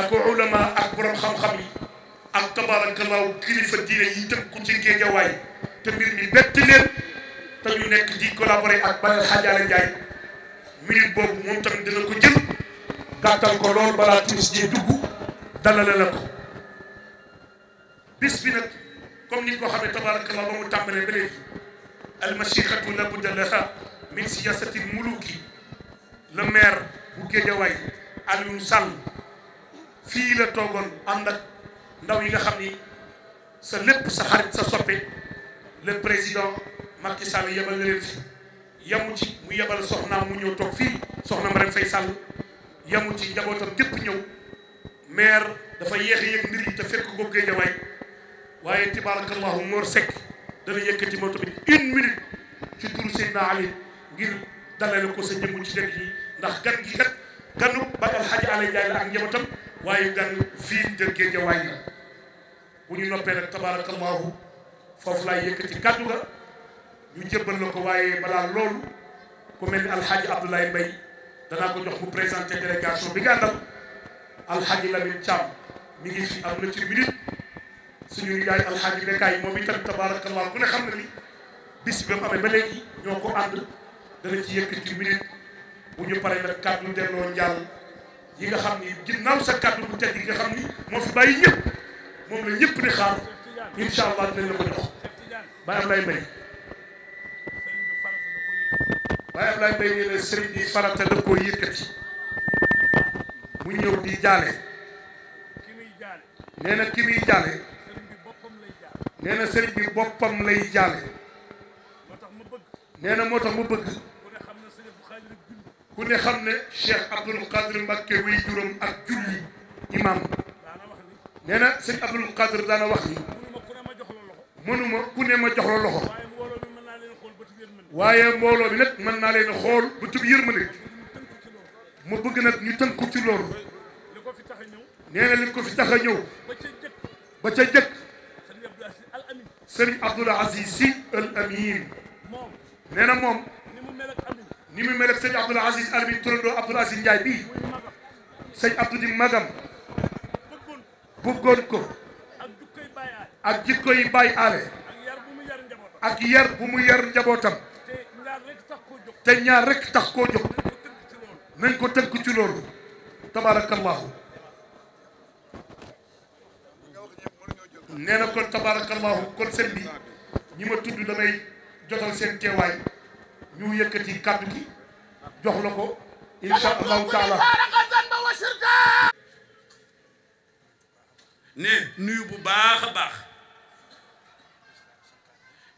ak ulama ak borom xam-xam yi ak tabaarakallaahu kilifa diine yi tënku ci géejawaay te mbir mi bett leen te ñu nekk di collaborer ak Baye Xaajaale Njaay minute boobu moom tamit dina ko jël gàttal ko lool balaa timis ji dugg dalale la ko bis bi comme ni ko xamee tabarakallah ba mu tàmbalee ba léegi almasiixatu la budda min siyaasati muluki le maire bu Géejawaay Alioune Sall fii la toogoon ànd ak ndaw yi nga xam ni sa lépp sa xarit sa soppe le président Macky Sall yebal na leen fi mu yebal soxnaam mu ñëw toog fii soxnaam Marème Faye Sall yamu ci njabootam gépp ñëw maire dafa yéex a yëg mbir yi te fekk ko Géejawaay waaye tabarakallahu Mor Seck dana yëkkati moo tamit une minute ci turu Seydina Ali ngir dalale ko sa jëmm ci yi ndax gan gi kat ganu ba Alxaaji Alay Njaay ak njabootam waaye gan ville de Guédiawaye la bu ñu noppee nag tabaarakallaahu foofu laay yëkkati kàddu ga ñu jëbbal la ko waaye balaa loolu ku mel ni alxaaji Abdoulaye Mbaye danaa ko jox mu présenté délégation bi nga àndal alxaaji Lamine Thiam mi ngi fi am na ci minute suñu yaay alxaaji Bekaay moom itam ne xam na ni bis bi mu amee ba léegi ñoo ko ànd dana ci yëkkati minute bu ñu paree nag kàddu delloo njàll yi nga xam ni ginnaaw sa kàddu yi nga xam ni moo fi bàyyi ñëpp moom la ñëpp di xaar incha allah dinañ la ko jox bàyyi Ablaye Mbaye bàyyi Ablaye Mbaye nee na sëriñ bi farata la koo yëkkati mu ñëw di jaale nee na ki muy jaale nee na sëriñ bi boppam lay jaale nee na moo tax mu bëgg ku ne xam ne Cheikh Abdoul Qadir Mbacké way juróom ak julli imam nee na abdul Abdoul Qadir daana wax ni mënuma ku ne ma jox la loxo waaye mbooloo bi nag mën naa leen xool ba tub yërmande mu bëgg nag ñu tënku ci loolu nee na li ko fi tax ñëw ba ca jëkk sëriñ Abdoul Aziz Al Amine nee na ni mu mel ak sëñ Abdoul Aziz Almi turandoo Abdoul Aziz Ndiaye bii sëñ Abdou di magam bëggoon ko ak jikko yi bàyyi aale ak yar bu mu yar njabootam te rek tax koo jóg ko tënk ci loolu tabarakallahu nee kon tabarakallahu kon sëñ bi ñi ma tudd damay jotal seen teewaay ñu yëkkati kàddu gi jox la ko insha allahu taala ne nuyu bu baax a baax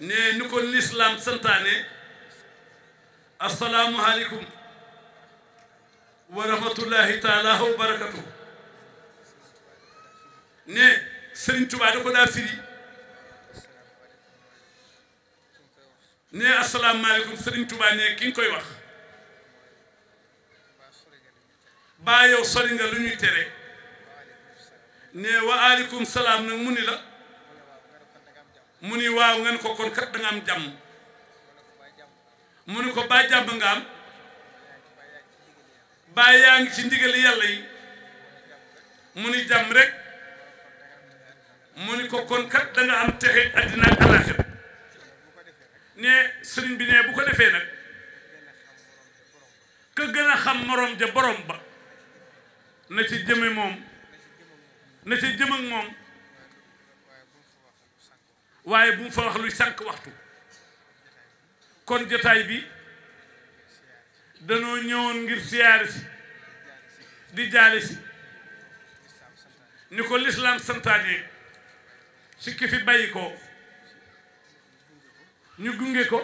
ne ni lislam lislaam santaane assalaamu aleykum wa rahmatullahi taala wa barakatuh ne Sëriñ Tuubaa da ko ne asalaamaaleykum sëriñ Tuubaa ne ki nga koy wax baa yow sori nga lu ñuy tere ne wa salaam nag mu ni la mu ni waaw ngeen ko kon kat da am jàmm mu ni ko baa jàmm nga am baa yaa ngi ci ndigali yàlla yi mu jàmm rek mu ni ko kon kat da am texe addina ak ne sëriñ bi ne bu ko defee nag ka gën a xam morom ja borom ba na ci jëme moom na ci jëm moom waaye bu mu fa wax luy sànq waxtu kon jataay bi danoo ñëwoon ngir siyaare si di jaale si ni ko lislaam santaane si ki fi bàyyi ko ñu gunge ko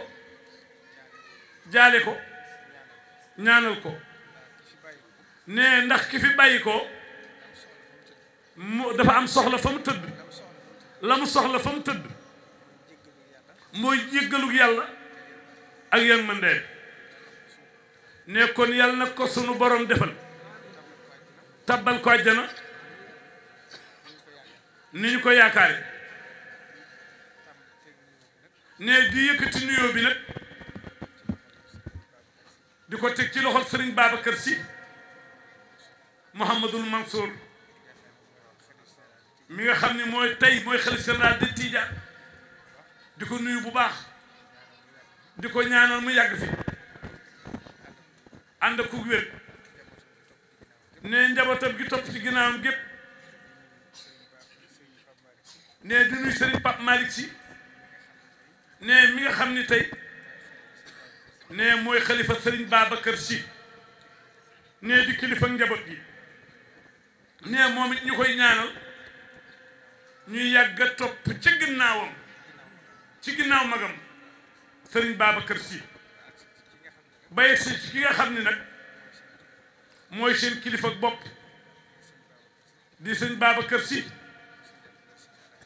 jaale ko ñaanal ko ne ndax ki fi bàyyi ko mu dafa am soxla fa mu tëdd la mu soxla fa mu tëdd mooy jéggalug yàlla ak yan mëndeem ne kon yàlla nag ko sunu borom defal tabbal ko àjjana ni ñu ko yaakaare ne di yëkkati nuyoo bi nag di ko teg ci loxol sëriñ Babacar Sy Mouhamadul Mansour mi nga xam ne mooy tey mooy xalifa général de Tidiane di ko nuyu bu baax di ko ñaanal mu yàgg fi ànd ku wér ne njabootam gi topp ci ginnaawam gépp ne di nuyu sëriñ Pape Malick Sy ne mi nga xam ni tey ne mooy xalifa sëriñ Babacar Sy ne di kilifa njaboot gi ne moom ñu koy ñaanal ñu yàgg topp ci ginnaawam ci ginnaaw magam sëriñ baabakër Sy bay si ci nga xam ni nag mooy seen kilifa bopp di sëñ Babacar Sy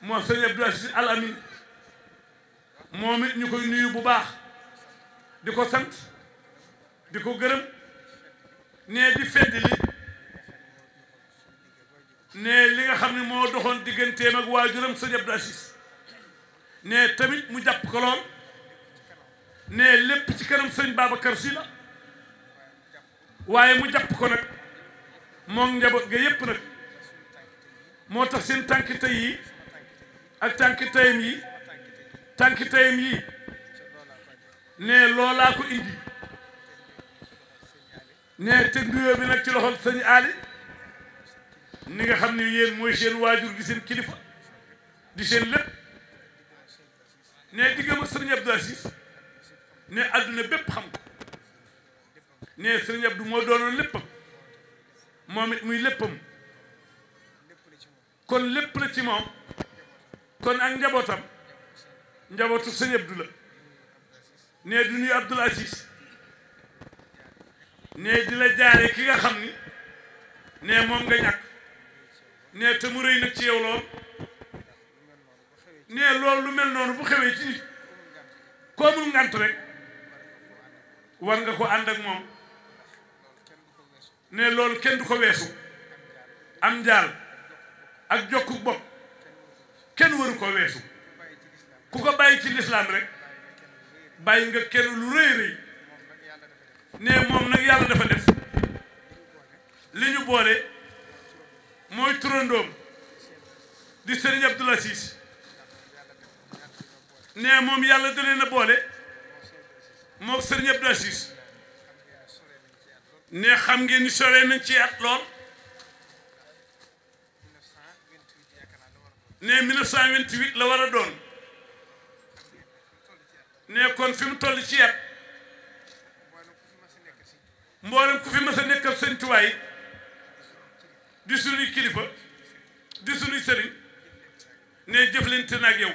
moo sëñ Abdou Aziz Al Amin moom it ñu koy nuyu bu baax di ko sant di ko gërëm nee di fedd li nee li nga xam ne moo doxoon digganteem ak waajuram sëñ Abdou Aziz nee tamit mu jàpp ko lool nee lépp ci kanam sëñ Babacar Si la waaye mu jàpp ko nag moom njaboot ga yépp nag moo tax seen tànk tey yi ak tànk tayam yi tànki tayam yi ne loolaa ko indi ne teg nuyoo bi nag ci loxol sëñ Ali ni nga xam ne yéen mooy seen waajur di seen kilifa di seen lépp ne diggam ak sëriñ Abdou ne adduna bépp xam ko ne sëriñ Abdou moo doonoon léppam moom it muy léppam kon lépp la ci moom kon ak njabootam njabootu sëñ Abdou la ne du nuyu Abdoul Aziz ne di la jaare ki nga xam ni ne moom nga ñàkk ne te mu ci yow lool ne loolu lu mel noonu bu xewee ci nit koo mul ngant rek war nga ko ànd ak moom ne loolu kenn du ko weesu am njaal ak jokku bopp kenn waru koo weesu ku ko bàyyi ci lislaam rek bàyyi nga kenn lu rëy rëy ne moom nag yàlla dafa def li ñu boole mooy turandoom di sëriñ Abdou Aziz ne moom yàlla da na boole moo sëriñ Abdou Aziz ne xam ngeen ni soree nañ ci at lool ne 1928 la war a doon ne kon fi mu toll ci yet mboolem ku fi mas a nekkal sëñ tuwaay di suñuy kilifa di suñuy sëriñ ne jëflante na ak yow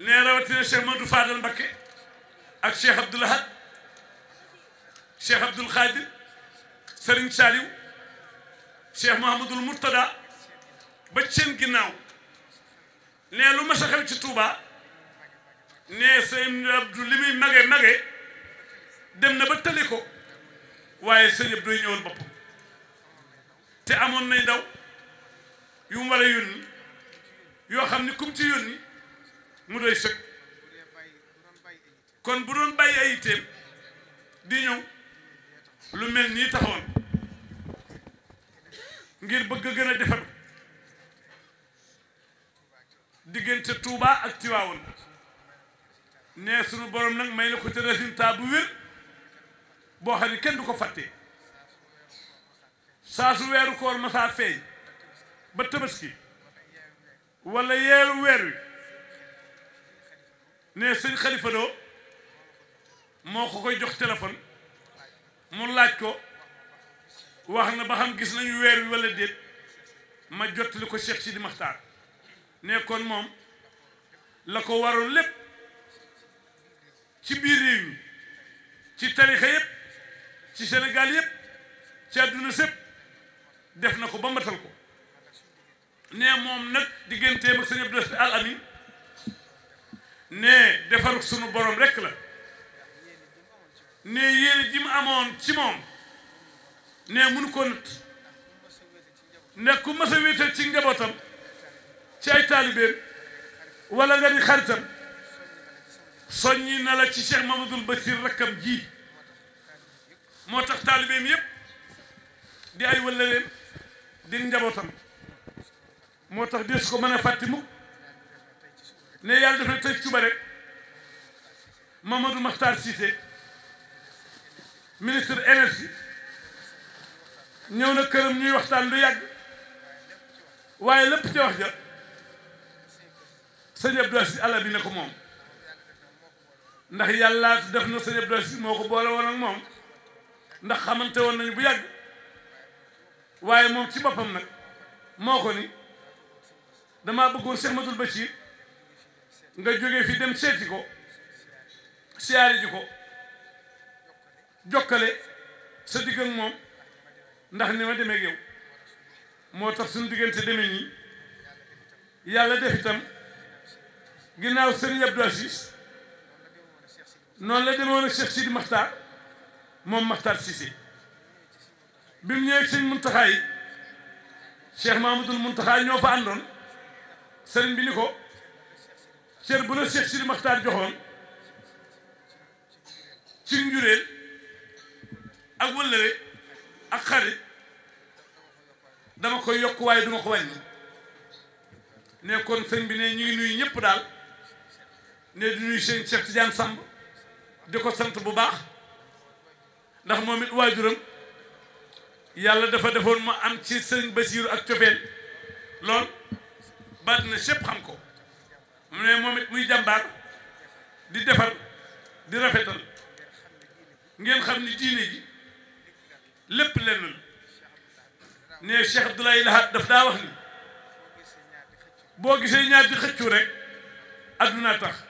ne rawatina Cheikh Madou Fadal Mbakke ak Cheikh Abdoul Ahad Cheikh Abdoul Khadir Serigne Saliou Cheikh Mouhamadoul Mourtada ba seen ginnaaw ne lu mas a xew ci Touba. ne sëñ Abdou li muy mage mage dem na ba tële ko waaye sëñ Abdou ñëwoon bopp te amoon nay ndaw yu mu war a yónni yoo xam ni kum ci yónni mu doy sëg kon bu doon bàyyi ay itteem di ñëw lu mel nii taxoon ngir bëgg a gën a defar diggante tuubaa ak Tiwaawoon ne sunu borom nag may na ko ci résultat bu wér boo xam ne kenn du ko fàtte saa su weeru koor masaa feeñ ba tabaski wala yeeru weer wi ne sëñ xalifa doo moo ko ko jox téléphone mu laaj ko wax na ba xam gis nañu weer wi wala déet ma jottali ko Cheikh Sidi Maxtaar ne kon moom la ko waroon lépp ci biir réew mi ci tarixa yëpp ci Sénégal yëpp ci àdduna sépp def na ko ba matal ko ne moom nag digganteem ak sëñ Abdou Al Amin ne defaruk sunu borom rek la ne yéene ji mu amoon ci moom ne mënu ko nat ne ku mas a wéetal ci njabootam ci ay taalibeem wala nga di xaritam سنين على الشيخ محمود البصير رقم جي موتاخ طالبين ييب دي اي ولالين دي نجابوتام موتاخ ديس كو مانا فاتيمو ني يال دافا تاي تيوبا رك محمود مختار سيسي ministre energy ñewna kërëm ñuy waxtaan lu yag waye lepp ci wax ja señ abdou assi alabi ne ko mom ndax yàlla def na sëñ Abdou moo ko boole woon ak moom ndax xamante woon nañu bu yàgg waaye moom ci boppam nag moo ko ni damaa bëggoon Cheikh Madul Bachir nga jógee fi dem seeti ko siyaari ko jokkale sa digg moom ndax ni demee yow moo tax suñu diggante demee nii yàlla def itam ginnaaw sëriñ Abdou noonu la demoon ak Cheikh Sidi moom Makhtar Cissé bi mu ñëwee sëñ Muntaxa yi Cheikh Mahamadoul Muntaxa ñoo fa àndoon sëriñ bi ni ko cër bu la Cheikh Sidi Makhtar joxoon ci njureel ak xarit dama koy yokk waaye duma ko wàññi ne kon sëñ bi ne ñu nuy nuyu ñëpp daal ne di nuyu sëñ Cheikh Tidiane Samb diko sant bu baax ndax momit wajuram yàlla dafa defoon mo am ci serigne basir ak tiofel lol baat na sépp xam ko mune momit muy jambar di defal di rafetal ngeen xam ni diine ji lépp lenul ne Cheikh Abdoulaye Lahad daf da wax ni bo gisee ñaar di xëccu rek aduna tax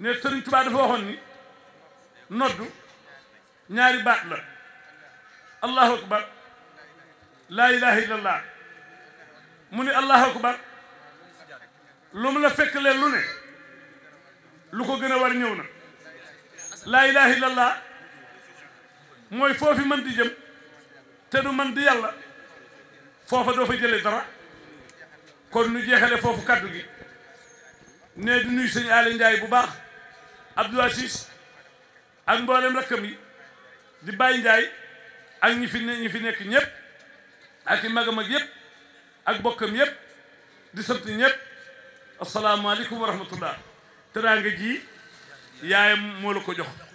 ne Sëriñ Tuubaa dafa waxoon ni noddu ñaari baat la allahu akbar laa ilaha illallah mu ne allahu akbar lu mu la fekk leen lu ne lu ko gën a war ñëw na laa ilaha illallah mooy foofi mën di jëm te du mën di yàlla foofa doo fa jële dara kon nu jeexale foofu kaddu gi ne di nuyu sëñ Aly Ndiaye bu baax Abdou Aziz ak mboolem rakkam yi di Baye Ndiaye ak ñi fi ne ñi fi nekk ñëpp ak i magam mag yëpp ak bokkam yëpp di sant ñëpp asalaamaaleykum wa rahmatullah teraanga ji yaayam moo la ko jox